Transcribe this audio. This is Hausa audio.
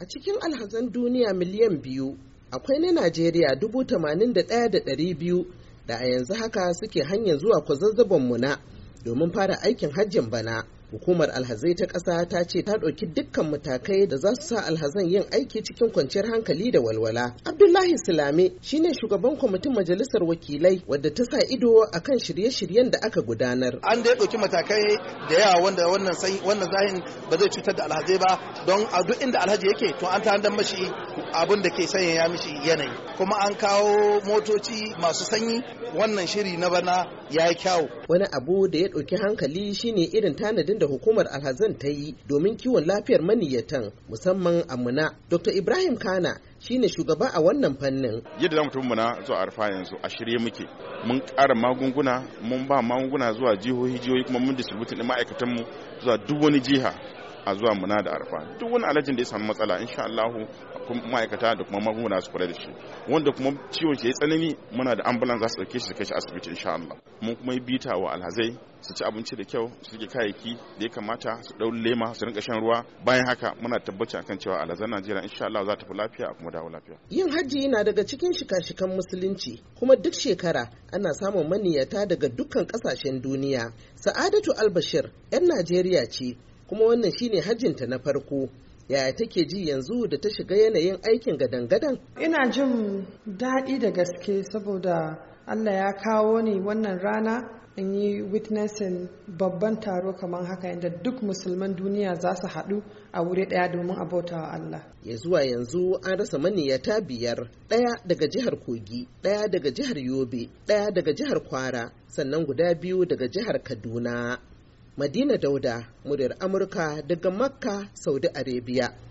a cikin alhazan duniya miliyan biyu akwai na najeriya dubu tamanin da ɗaya da ɗari biyu da a yanzu haka suke hanyar zuwa kwazazzabon muna domin fara aikin hajjin bana hukumar alhazai ta ƙasa ta ce ta ɗauki dukkan matakai da za su sa alhazan yin aiki cikin kwanciyar hankali da walwala abdullahi silame shine shugaban kwamitin majalisar wakilai wadda ta sa ido akan shirye-shiryen da aka gudanar an da ya ɗauki matakai da yawa wanda wannan wannan zahin ba zai cutar da alhazai ba don a duk inda alhaji yake to an ta mashi abin da ke sanya ya mishi yanayi kuma an kawo motoci masu sanyi wannan shiri na bana ya yi kyawu wani abu da ya ɗauki hankali shine irin tanadin da hukumar alhazan ta yi domin kiwon lafiyar maniyyatan musamman amuna dr ibrahim kana shine shugaba a wannan fannin yadda zamu tafi muna zuwa arfa yanzu a shirye muke mun ƙara magunguna mun ba magunguna zuwa jihohi jihohi kuma mun distributin ma'aikatan mu zuwa duk wani jiha a zuwa muna da arfa duk wani alajin da ya samu matsala insha Allah ma'aikata da kuma magunguna su kula da shi wanda kuma ciwon shi ya tsanani muna da ambulan za su dauke shi su kai shi asibiti insha Allah mun kuma yi bita wa alhazai su ci abinci da kyau su rike kayayyaki da ya kamata su dau lema su rinka shan ruwa bayan haka muna tabbacin akan cewa alhazan Najeriya insha Allah za ta fi lafiya kuma dawo lafiya yin hajji yana daga cikin shika-shikan musulunci kuma duk shekara ana samun maniyata daga dukkan kasashen duniya sa'adatu albashir 'yan Najeriya ce kuma wannan shine hajjinta na farko yaya take ji yanzu da ta shiga yanayin aikin gadan-gadan ina jin daɗi da gaske saboda allah ya kawo ni wannan rana in yi witnessin babban taro kamar haka inda duk musulman duniya za su haɗu a wuri ɗaya domin abota wa Allah. Ya zuwa yanzu an rasa maniyata biyar ɗaya daga jihar Kogi, ɗaya daga jihar Yobe, ɗaya daga jihar Kwara, sannan guda biyu daga jihar Kaduna. Madina Dauda, muryar Amurka daga Makka, Saudi Arabia.